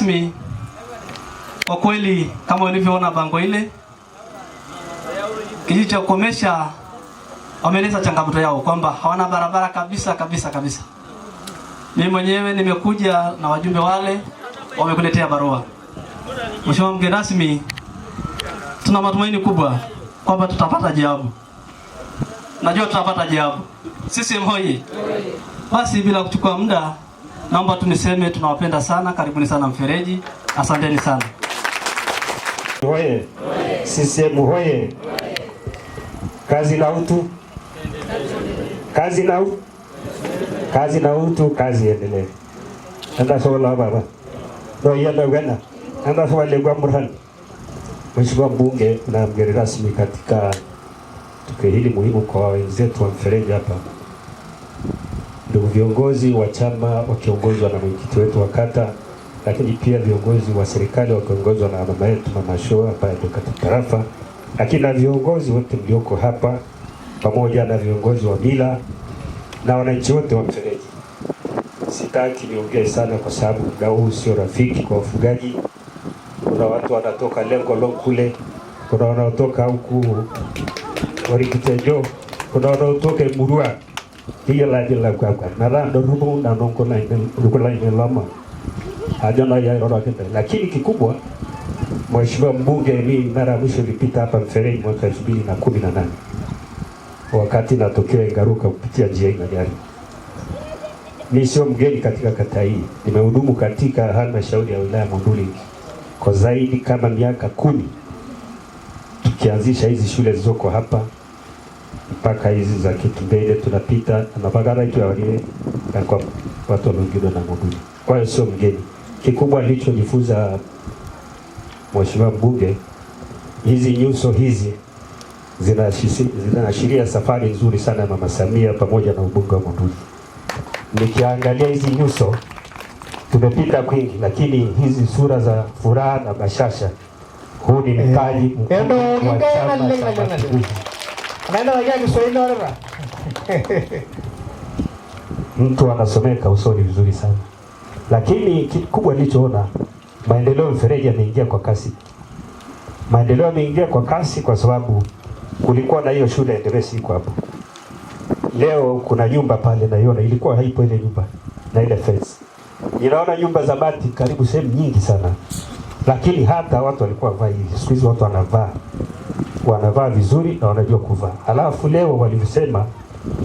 rasmi. Kwa kweli kama ulivyoona bango ile, kijiji cha Komesha wameeleza changamoto yao kwamba hawana barabara kabisa kabisa kabisa. Mimi mwenyewe nimekuja na wajumbe wale wamekuletea barua. Mheshimiwa mgeni rasmi, tuna matumaini kubwa kwamba tutapata jawabu. Najua tutapata jawabu. Sisi mhoye. Basi bila kuchukua muda Naomba tu niseme tunawapenda sana, karibuni sana Mfereji, asanteni sana. Hoye CCM hoye! Kazi na utu, kazi na utu, kazi na utu, kazi endelee. Anasola baba noyanawena anasowalegwa Murhan, Mheshimiwa mbunge na mgeni rasmi katika tukio hili muhimu kwa wenzetu wa Mfereji hapa viongozi wa chama wakiongozwa na mwenyekiti wetu wa kata, lakini pia viongozi wa serikali wakiongozwa na mama yetu Mama Shoa ambaye ndio katibu tarafa, lakini na viongozi wote mlioko hapa pamoja na viongozi wa mila na wananchi wote wa Mfereji. Sitaki niongee sana kwa sababu muda huu sio rafiki kwa wafugaji. Kuna watu wanatoka lo kule, kuna wanaotoka huku Warikitenjo, kuna wanaotoka Murua kiyala jila kwa kwa nara ndorubu na nongo na nukula inelama hajana ya irora kenda lakini kikubwa mheshimiwa mbunge ni mara mwisho lipita hapa Mfereji mwaka 2018 wakati natokea Ingaruka kupitia njia ina gari ni sio mgeni katika kata hii nimehudumu katika halmashauri ya wilaya Monduli kwa zaidi kama miaka kumi tukianzisha hizi shule zilizoko hapa mpaka hizi za Kitumbele tunapita mabagara itu yawalile kwa watu wameungidwa na Muguni. Kwa hiyo sio mgeni. Kikubwa alichojifunza mheshimiwa mbunge, hizi nyuso hizi zinaashiria safari nzuri sana ya Mama Samia pamoja na ubunge wa Monduli. Nikiangalia hizi nyuso tumepita kwingi, lakini hizi sura za furaha na bashasha, huu ni mtaji mkubwa wa Chama cha Mapinduzi. Nenda wajia Kiswahili wale Mtu anasomeka usoni vizuri sana. Lakini kikubwa nilichoona maendeleo mfereji yameingia kwa kasi. Maendeleo yameingia kwa kasi kwa sababu kulikuwa na hiyo shule endelevu iko hapo. Leo kuna nyumba pale naiona ilikuwa haipo ile nyumba na ile fence. Ninaona nyumba za bati karibu sehemu nyingi sana. Lakini hata watu walikuwa vaa hivi. Siku hizi watu wanavaa wanavaa vizuri na wanajua kuvaa. Halafu leo walisema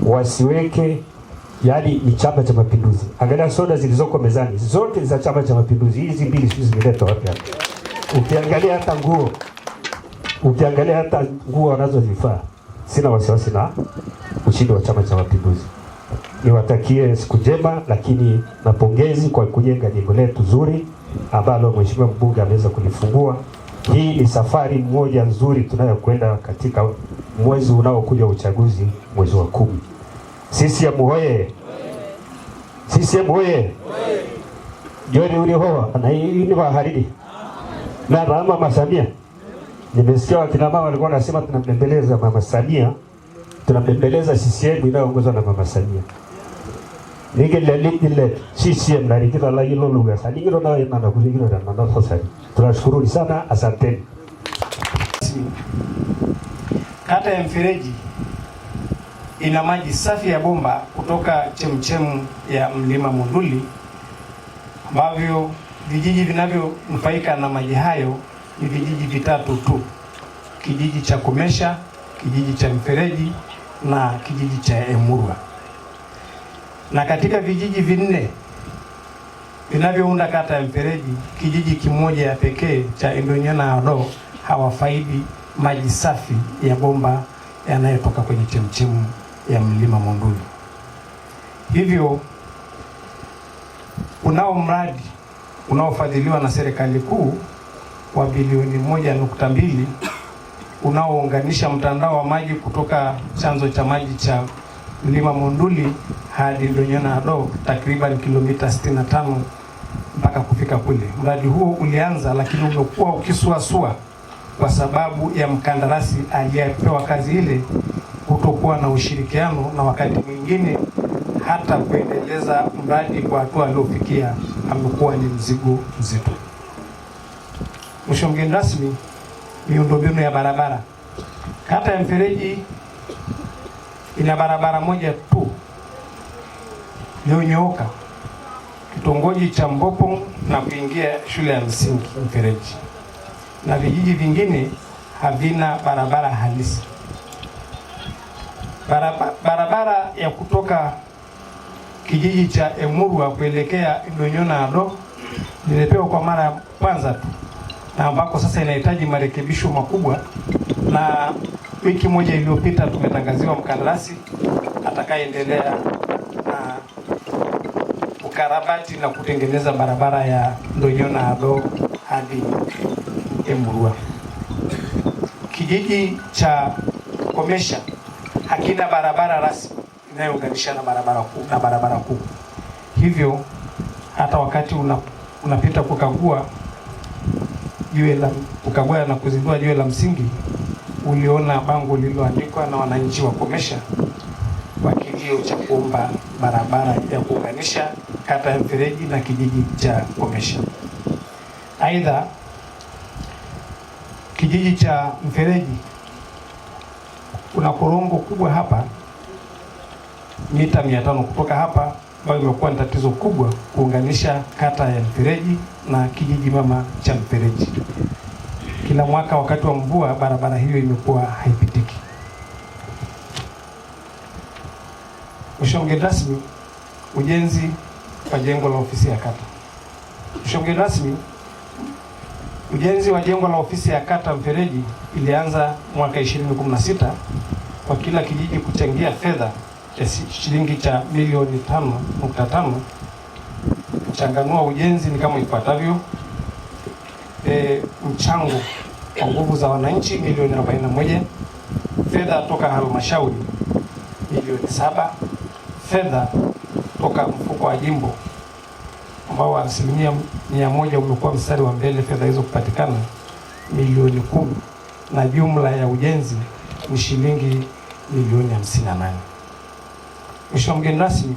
wasiweke yani ni Chama cha Mapinduzi. Angalia soda zilizoko mezani zote za Chama cha Mapinduzi, hizi mbili sijui zimeletwa wapi hapa. Ukiangalia hata nguo, ukiangalia hata nguo wanazozivaa, sina wasiwasi na ushindi wa Chama cha Mapinduzi. Niwatakie siku njema, lakini na pongezi kwa kujenga jengo letu zuri ambalo mheshimiwa mbunge ameweza kulifungua. Hii ni safari moja nzuri tunayokwenda katika mwezi unaokuja uchaguzi, mwezi wa kumi. CCM hoye! CCM hoye! John ulihoa na hii ni iniwahariri na Mama Samia. Nimesikia wakina mama walikuwa wanasema tunambembeleza Mama Samia, tunambembeleza CCM inayoongozwa na Mama Samia nigeleligile CCM nalikila lagilolugasaligilonaenanakuligilonanasosari Tunashukuruni sana, asanteni. Kata ya Mfereji ina maji safi ya bomba kutoka chemchemu ya mlima Monduli, ambavyo vijiji vinavyonufaika na maji hayo ni vijiji vitatu tu, kijiji cha kumesha kijiji cha Mfereji na kijiji cha Emurwa, na katika vijiji vinne vinavyounda kata ya Mfereji, kijiji kimoja pekee cha Indonyana Ado hawafaidi maji safi ya bomba yanayotoka kwenye chemchemu ya mlima Monduli. Hivyo unao mradi unaofadhiliwa na serikali kuu wa bilioni moja nukta mbili unaounganisha mtandao wa maji kutoka chanzo cha maji cha mlima Monduli hadi Donyana do takriban kilomita 65 mpaka kufika kule. Mradi huo ulianza, lakini umekuwa ukisuasua kwa sababu ya mkandarasi aliyepewa kazi ile kutokuwa na ushirikiano na wakati mwingine hata kuendeleza mradi kwa hatua aliofikia, amekuwa ni mzigo mzito. Mwisho, mgeni rasmi, miundombinu ya barabara, kata ya Mfereji ina barabara moja tu iliyonyooka kitongoji cha Mbopo na kuingia shule ya msingi Mfereji, na vijiji vingine havina barabara halisi. Baraba, barabara ya kutoka kijiji cha emurua kuelekea Donyona Ado nilipewa kwa mara ya kwanza tu, na ambako sasa inahitaji marekebisho makubwa na wiki moja iliyopita tumetangaziwa mkandarasi atakayeendelea na ukarabati na kutengeneza barabara ya Ndonyona Ado hadi Emurua. Kijiji cha Komesha hakina barabara rasmi inayounganisha na barabara kuu na barabara kuu, hivyo hata wakati una, unapita kukagua jiwe la kukagua na kuzindua jiwe la msingi uliona bango lililoandikwa na wananchi wa Komesha kwa kilio cha kuomba barabara ya kuunganisha kata ya Mfereji na kijiji cha Komesha. Aidha, kijiji cha Mfereji kuna korongo kubwa hapa mita 500 kutoka hapa, ambayo imekuwa ni tatizo kubwa kuunganisha kata ya Mfereji na kijiji mama cha Mfereji kila mwaka wakati wa mvua barabara hiyo imekuwa haipitiki. Mheshimiwa mgeni rasmi, ujenzi wa jengo la ofisi ya kata. Mheshimiwa mgeni rasmi, ujenzi wa jengo la ofisi ya kata Mfereji ilianza mwaka 2016 kwa kila kijiji kuchangia fedha ya shilingi cha milioni 5.5. Changanua ujenzi ni kama ifuatavyo. E, mchango kwa nguvu za wananchi milioni 41, fedha toka halmashauri milioni saba, fedha toka mfuko wa jimbo ambao asilimia mia moja umekuwa mstari wa mbele, fedha hizo kupatikana milioni kumi, na jumla ya ujenzi ni shilingi milioni 58. Mheshimiwa mgeni rasmi,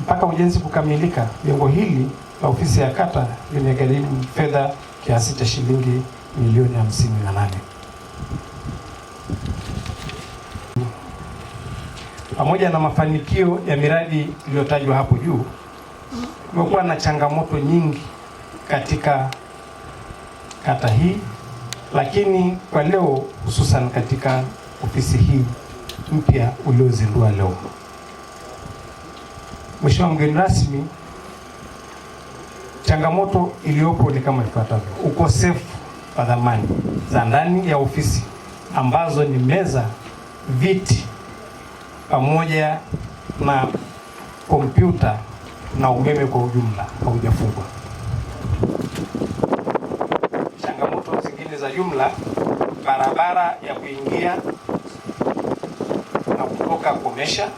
mpaka ujenzi kukamilika, jengo hili la ofisi ya kata limegharimu fedha kiasi cha shilingi milioni hamsini na nane. Pamoja na mafanikio ya miradi iliyotajwa hapo juu, kumekuwa na changamoto nyingi katika kata hii, lakini kwa leo hususan katika ofisi hii mpya uliozindua leo. Mheshimiwa mgeni rasmi, changamoto iliyopo ni kama ifuatavyo: ukosefu wa dhamani za ndani ya ofisi ambazo ni meza, viti pamoja na kompyuta na umeme kwa ujumla haujafungwa. Changamoto zingine za jumla, barabara ya kuingia na kutoka Komesha,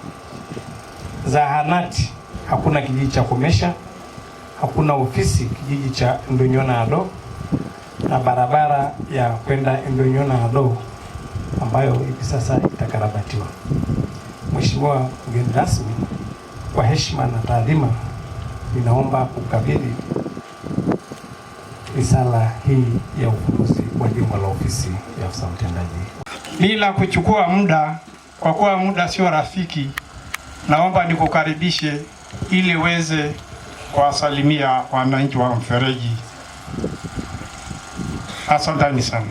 zahanati, hakuna kijiji cha Komesha, hakuna ofisi kijiji cha Ndonyona Ado na barabara ya kwenda Ndonyo na Alou ambayo hivi sasa itakarabatiwa. Mheshimiwa mgeni rasmi, kwa heshima na taadhima, ninaomba kukabidhi risala hii ya ufunguzi wa jumba la ofisi ya afisa mtendaji. Bila kuchukua muda, kwa kuwa muda sio rafiki, naomba nikukaribishe ili uweze kuwasalimia wananchi wa Mfereji. Asanteni sana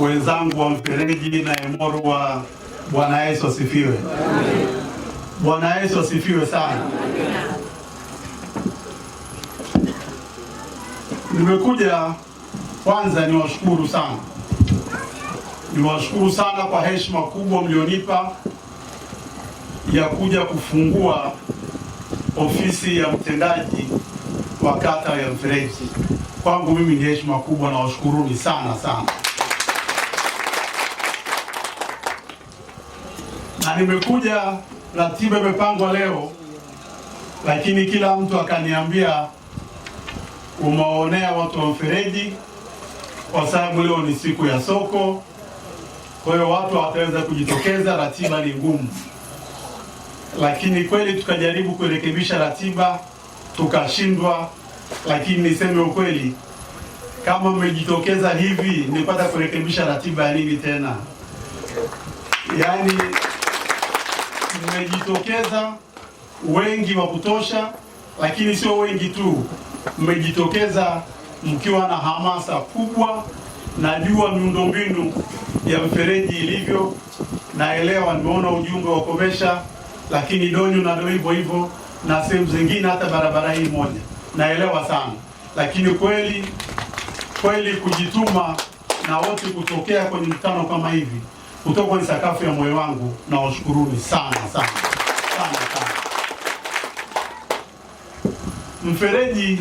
wenzangu wa mfereji na Emorua. Bwana Yesu asifiwe! Bwana Yesu asifiwe sana. Nimekuja kwanza niwashukuru sana, niwashukuru sana kwa heshima kubwa mlionipa ya kuja kufungua ofisi ya mtendaji wa kata ya Mfereji. Kwangu mimi ni heshima kubwa na washukuruni sana sana, na nimekuja, ratiba imepangwa leo, lakini kila mtu akaniambia umewaonea watu wa Mfereji kwa sababu leo ni siku ya soko, kwa hiyo watu wataweza kujitokeza, ratiba ni ngumu, lakini kweli tukajaribu kurekebisha ratiba tukashindwa, lakini niseme ukweli, kama mmejitokeza hivi, nipata kurekebisha ratiba ya nini tena? Yaani mmejitokeza wengi wa kutosha, lakini sio wengi tu, mmejitokeza mkiwa na hamasa kubwa. Najua miundombinu ya mfereji ilivyo, naelewa, nimeona ujumbe wa Komesha, lakini Donyo nado hivyo hivyo na sehemu zingine, hata barabara hii moja, naelewa sana, lakini kweli kweli kujituma na wote kutokea kwenye mkutano kama hivi kutoka kwenye sakafu ya moyo wangu, na washukuruni sana sana sana sana. Mfereji,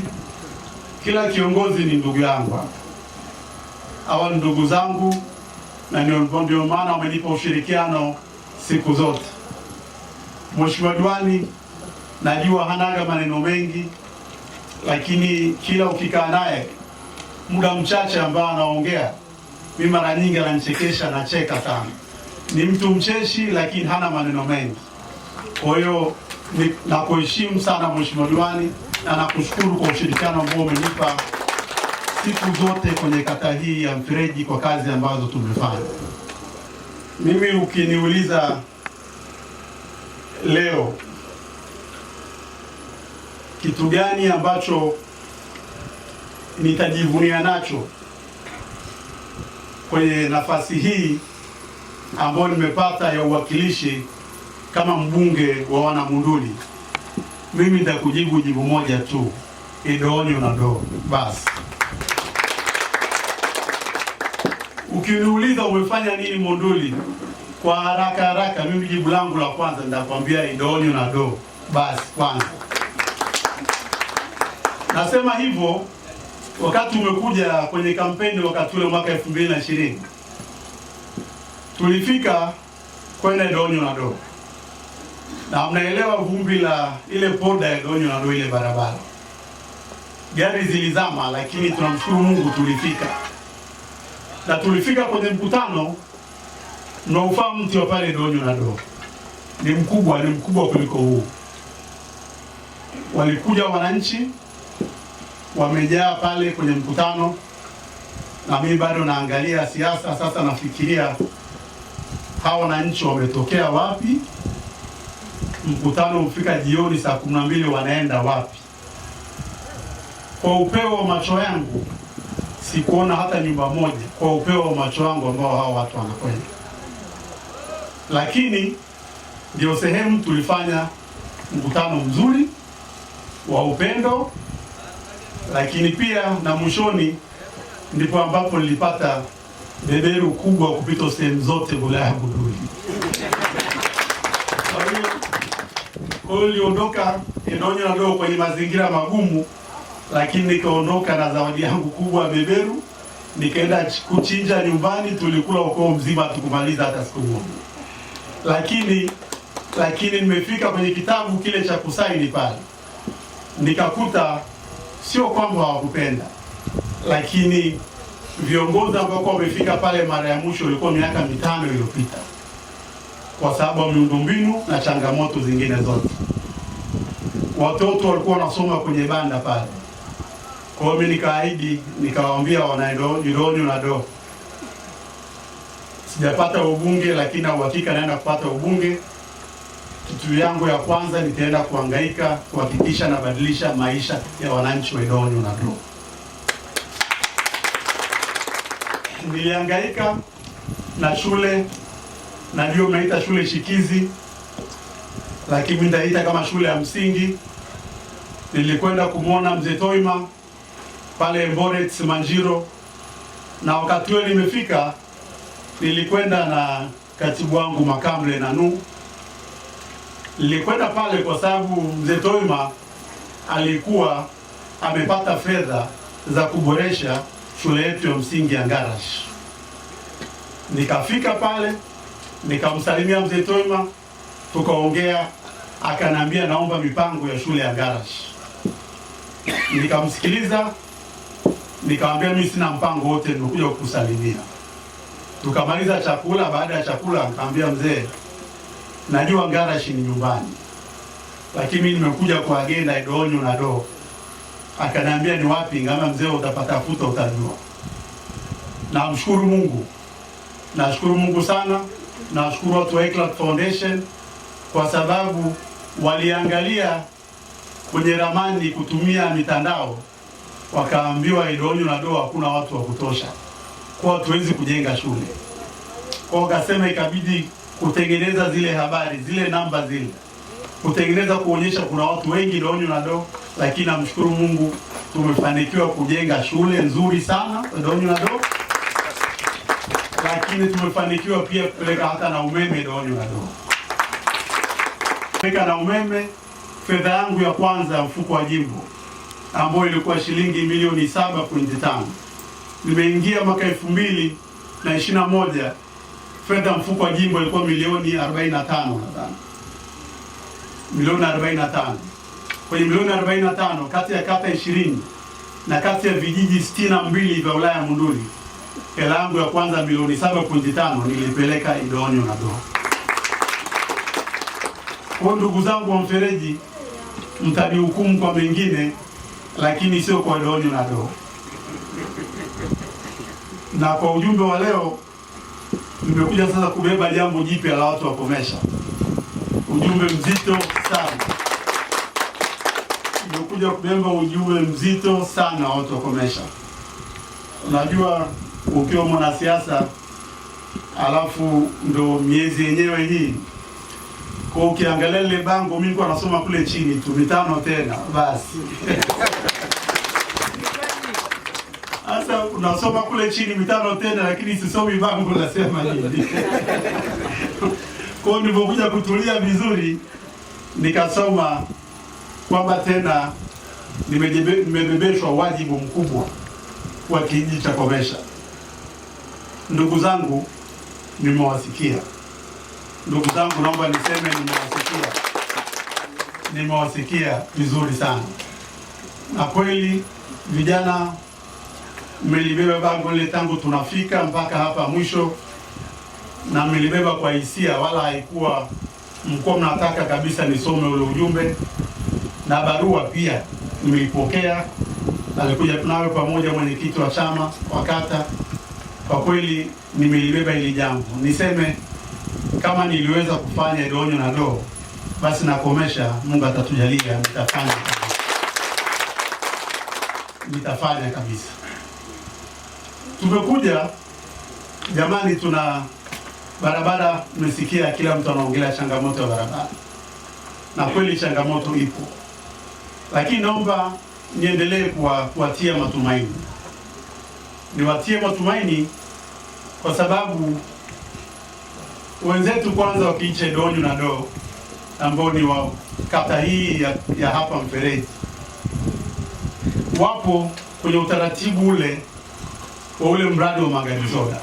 kila kiongozi ni ndugu yangu, hawa ni ndugu zangu, na ndio maana wamenipa ushirikiano siku zote. Mheshimiwa Diwani najua hanaga maneno mengi, lakini kila ukikaa naye muda mchache ambao anaongea, mimi mara nyingi ananichekesha, nacheka sana. Ni mtu mcheshi, lakini hana maneno mengi. Kwa hiyo nakuheshimu sana Mheshimiwa Diwani, na nakushukuru kwa ushirikiano ambao umenipa siku zote kwenye kata hii ya Mfereji kwa kazi ambazo tumefanya. Mimi ukiniuliza leo kitu gani ambacho nitajivunia nacho kwenye nafasi hii ambayo nimepata ya uwakilishi kama mbunge wa Wanamunduli. Mimi nitakujibu jibu moja tu, idoonyo na doo basi. Ukiniuliza umefanya nini Munduli, kwa haraka haraka, mimi jibu langu la kwanza nitakwambia idoonyo na doo basi kwanza Nasema hivyo wakati umekuja kwenye kampeni, wakati ule mwaka 2020 tulifika kwenda Donyo na Doo, na mnaelewa vumbi la ile poda ya Donyo na Doo, ile barabara gari zilizama, lakini tunamshukuru Mungu tulifika, na tulifika kwenye mkutano. Mnaufahamu mti wa pale Donyo na Doo ni mkubwa, ni mkubwa kuliko huu. Walikuja wananchi wamejaa pale kwenye mkutano, na mimi bado naangalia siasa. Sasa nafikiria hawa wananchi wametokea wapi? Mkutano hufika jioni saa kumi na mbili, wanaenda wapi? Kwa upeo wa macho yangu sikuona hata nyumba moja, kwa upeo wa macho yangu ambao hao watu wanakwenda, lakini ndio sehemu tulifanya mkutano mzuri wa upendo lakini pia na mwishoni ndipo ambapo nilipata beberu kubwa kupita sehemu zote wilaya Buduli. Kwa hiyo niliondoka na kwenye mazingira magumu, lakini nikaondoka na zawadi yangu kubwa beberu, nikaenda kuchinja nyumbani, tulikula ukoo mzima tukumaliza hata siku moja, lakini lakini nimefika kwenye kitabu kile cha kusaini pale nikakuta sio kwamba hawakupenda, lakini viongozi ambao kwa wamefika pale mara ya mwisho ilikuwa miaka mitano iliyopita, kwa sababu ya miundombinu na changamoto zingine zote. Watoto walikuwa wanasoma kwenye banda pale, kwa hiyo mimi nikaahidi, nikawaambia na do, sijapata ubunge, lakini na uhakika naenda kupata ubunge kitu yangu ya kwanza nitaenda kuhangaika kuhakikisha nabadilisha maisha ya wananchi wa Idonyo na Block. Nilihangaika na shule na ndio mnaita shule shikizi, lakini nitaita kama shule ya msingi. Nilikwenda kumwona mzee Toima pale Mboret Simanjiro, na wakati huo nimefika, nilikwenda na katibu wangu Makamle Nanu Nilikwenda pale kwa sababu mzee Toima alikuwa amepata fedha za kuboresha shule yetu ya msingi ya Ngarash. Nikafika pale nikamsalimia mzee Toima, tukaongea, akaniambia naomba mipango ya shule ya Ngarash. Nikamsikiliza, nikamwambia mimi sina mpango wote, nimekuja kukusalimia. Tukamaliza chakula. Baada ya chakula, nikamwambia mzee Najua Ngarashi ni nyumbani, lakini mimi nimekuja kwa agenda idonyo na do. Akaniambia ni wapi ngama, mzee utapata futa, utajua. Namshukuru Mungu, nashukuru Mungu sana, nashukuru watu wa Eclat Foundation kwa sababu waliangalia kwenye ramani kutumia mitandao, wakaambiwa idonyo na do hakuna watu wa kutosha, kwa hatuwezi kujenga shule, kwa kaseme ikabidi kutengeneza zile habari zile namba zile, kutengeneza kuonyesha kuna watu wengi Doonyo na Doo, lakini namshukuru Mungu tumefanikiwa kujenga shule nzuri sana donyo na Doo, lakini tumefanikiwa pia kupeleka hata na umeme donyo na Doo, peleka na umeme. Fedha yangu ya kwanza ya mfuko wa jimbo ambayo ilikuwa shilingi milioni 7.5 nimeingia mwaka elfu mbili na ishirini na moja fedha mfuko wa jimbo ilikuwa milioni 45 milioni 45. Kwenye milioni 45 kati ya kata 20 na kati ya vijiji 62 vya wilaya ya Monduli, hela yangu ya kwanza milioni 7.5 nilipeleka Idoonyo na Doho. Kwa ndugu zangu wa mfereji, mtanihukumu kwa mengine, lakini sio kwa Idoonyo na Doho. Na kwa ujumbe wa leo tumekuja sasa kubeba jambo jipya la watu wa Komesha, ujumbe mzito sana. Tumekuja kubeba ujumbe mzito sana watu wa Komesha. Unajua, ukiwa mwanasiasa alafu ndo miezi yenyewe hii kwa ukiangalia lile bango, mimi nilikuwa nasoma kule chini tu mitano tena basi unasoma kule chini mitano tena, lakini sisomi bango unasema nini? Kwa hiyo nilipokuja kutulia vizuri, nikasoma kwamba tena nimebebeshwa wajibu mkubwa wa kijiji cha Komesha. Ndugu zangu, nimewasikia. Ndugu zangu, naomba niseme nimewasikia, nimewasikia vizuri sana, na kweli vijana mmelibeba bango lile tangu tunafika mpaka hapa mwisho, na mmelibeba kwa hisia, wala haikuwa mko mnataka kabisa nisome ule ujumbe. Na barua pia nimeipokea, alikuja nayo pamoja mwenyekiti wa chama wa kata. Kwa kweli nimelibeba hili jambo, niseme kama niliweza kufanya Idonyo na Doo, basi nakomesha. Mungu atatujalia, nitafanya nitafanya kabisa. Tumekuja jamani, tuna barabara. Mmesikia kila mtu anaongelea changamoto ya barabara, na kweli changamoto ipo, lakini naomba niendelee kuwatia matumaini, niwatie matumaini kwa sababu wenzetu kwanza wakiiche donyo na doo ambao ni wa kata hii ya, ya hapa Mfereji wapo kwenye utaratibu ule kwa ule mradi wa Magadi Soda.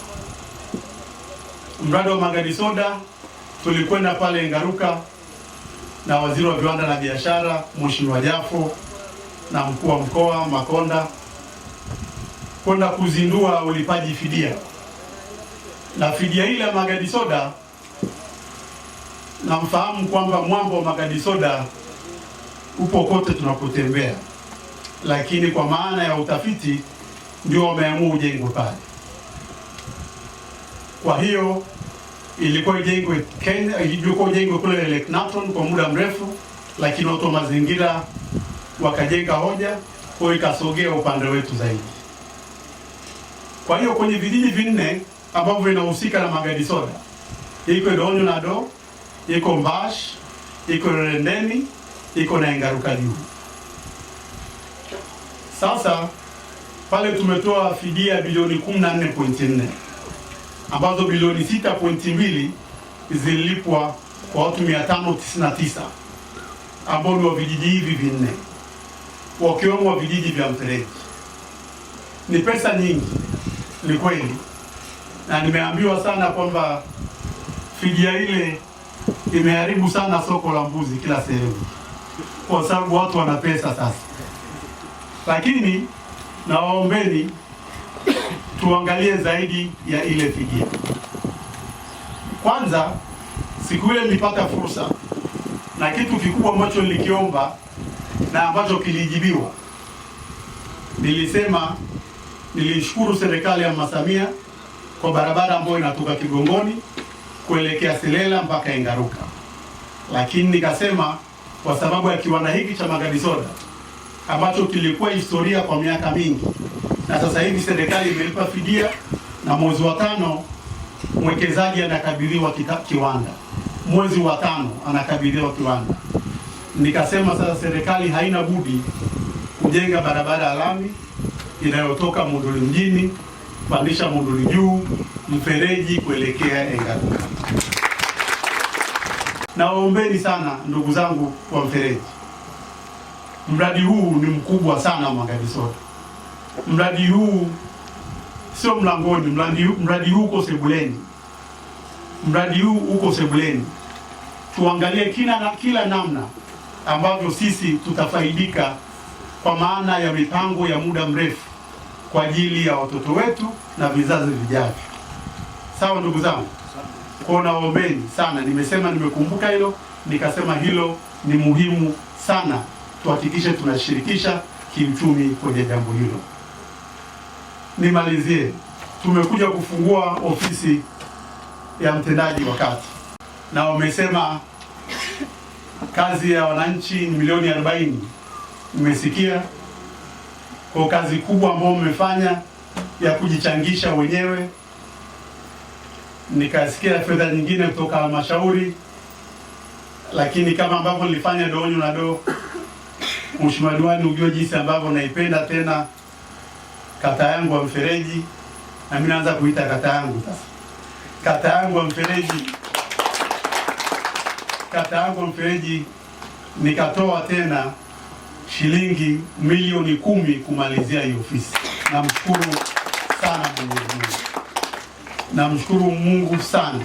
Mradi wa Magadi Soda tulikwenda pale Ngaruka na waziri wa viwanda na biashara Mheshimiwa Jafo na mkuu wa mkoa Makonda kwenda kuzindua ulipaji fidia, na fidia ile ya Magadi Soda namfahamu kwamba mwamba wa Magadi Soda upo kote tunapotembea, lakini kwa maana ya utafiti ndio wameamua ujengwe pale. Kwa hiyo ilikuwa ijengwe Kenya, ilikuwa ijengwe kule Lake Natron kwa muda mrefu, lakini watu wa mazingira wakajenga hoja, kwa hiyo ikasogea upande wetu zaidi. Kwa hiyo kwenye vijiji vinne ambavyo vinahusika na magadi soda, iko Donyo na Do, iko Mbash, iko Rendeni, iko na Engaruka Juu. Sasa pale tumetoa fidia bilioni 14.4 ambazo bilioni 6.2 zililipwa kwa watu 599 ambao ni wa vijiji hivi vinne wakiwemo wa vijiji vya Mfereji. Ni pesa nyingi, ni kweli, na nimeambiwa sana kwamba fidia ile imeharibu sana soko la mbuzi kila sehemu, kwa sababu watu wana pesa sasa, lakini na waombeni tuangalie zaidi ya ile figia. Kwanza, siku ile nilipata fursa na kitu kikubwa ambacho nilikiomba na ambacho kilijibiwa, nilisema nilishukuru serikali ya Mama Samia kwa barabara ambayo inatoka Kigongoni kuelekea Selela mpaka Engaruka, lakini nikasema kwa sababu ya kiwanda hiki cha magadi soda ambacho kilikuwa historia kwa miaka mingi, na sasa hivi serikali imelipa fidia na mwezi wa tano mwekezaji anakabidhiwa kiwanda, mwezi wa tano anakabidhiwa kiwanda. Nikasema sasa serikali haina budi kujenga barabara ya lami inayotoka Monduli mjini kupandisha Monduli juu mfereji kuelekea Engaruka. Nawaombeni sana ndugu zangu wa mfereji Mradi huu ni mkubwa sana Mwangalisoto. Mradi huu sio mlangoni, mradi huu, mradi huu uko sebuleni, mradi huu uko sebuleni. Tuangalie kila na kila namna ambavyo sisi tutafaidika kwa maana ya mipango ya muda mrefu kwa ajili ya watoto wetu na vizazi vijavyo. Sawa ndugu zangu, kwa naombeni sana, nimesema nimekumbuka hilo, nikasema hilo ni muhimu sana tuhakikishe tunashirikisha kiuchumi kwenye jambo hilo. Nimalizie, tumekuja kufungua ofisi ya mtendaji wa kata na wamesema kazi ya wananchi ni milioni 40. Nimesikia kwa kazi kubwa ambayo mmefanya ya kujichangisha wenyewe, nikasikia fedha nyingine kutoka halmashauri, lakini kama ambavyo nilifanya doonyo na doo Mheshimiwa Diwani, ujue jinsi ambavyo naipenda tena kata yangu ya Mfereji, na mimi naanza kuita kata yangu sasa, kata yangu ya Mfereji. Kata yangu ya Mfereji nikatoa tena shilingi milioni kumi kumalizia hii ofisi. Namshukuru sana Mwenyezi Mungu, namshukuru Mungu sana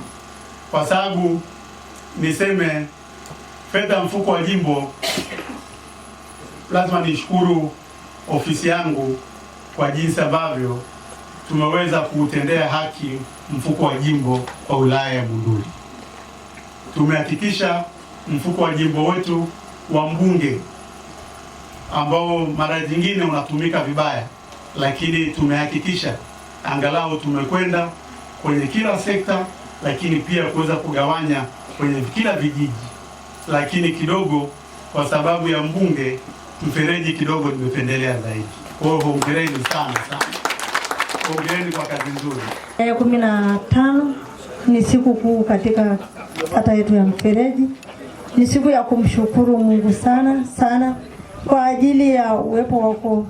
kwa sababu niseme fedha mfuko wa jimbo lazima nishukuru ofisi yangu kwa jinsi ambavyo tumeweza kuutendea haki mfuko wa jimbo wa wilaya ya Monduli. Tumehakikisha mfuko wa jimbo wetu wa mbunge ambao mara nyingine unatumika vibaya, lakini tumehakikisha angalau tumekwenda kwenye kila sekta, lakini pia kuweza kugawanya kwenye kila vijiji, lakini kidogo kwa sababu ya mbunge mfereji kidogo nimependelea zaidi. Kwa hiyo hongereni sana sana, hongereni kwa kazi nzuri. Tarehe kumi na tano ni siku kuu katika kata yetu ya Mfereji. Ni siku ya kumshukuru Mungu sana sana kwa ajili ya uwepo wako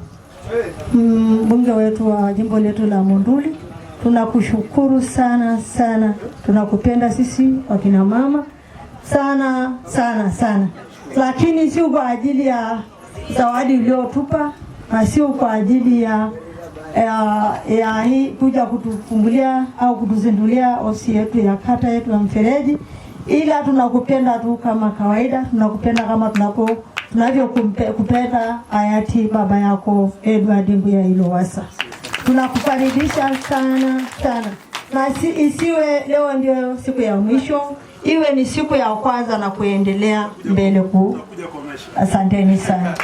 mm, mbunge wetu wa jimbo letu la Monduli. Tunakushukuru sana sana, tunakupenda sisi wakina mama sana sana sana, lakini sio kwa ajili ya zawadi uliotupa na sio kwa ajili ya ya, ya hii kuja kutufungulia au kutuzindulia ofisi yetu ya kata yetu ya Mfereji, ila tunakupenda tu kama kawaida, tunakupenda kama tunapo tunavyokupenda hayati baba yako Edward Nguya ilowasa Tunakukaribisha sana sana, na isiwe leo ndio siku ya mwisho iwe ni siku ya kwanza na kuendelea mbele kuu. Asanteni sana.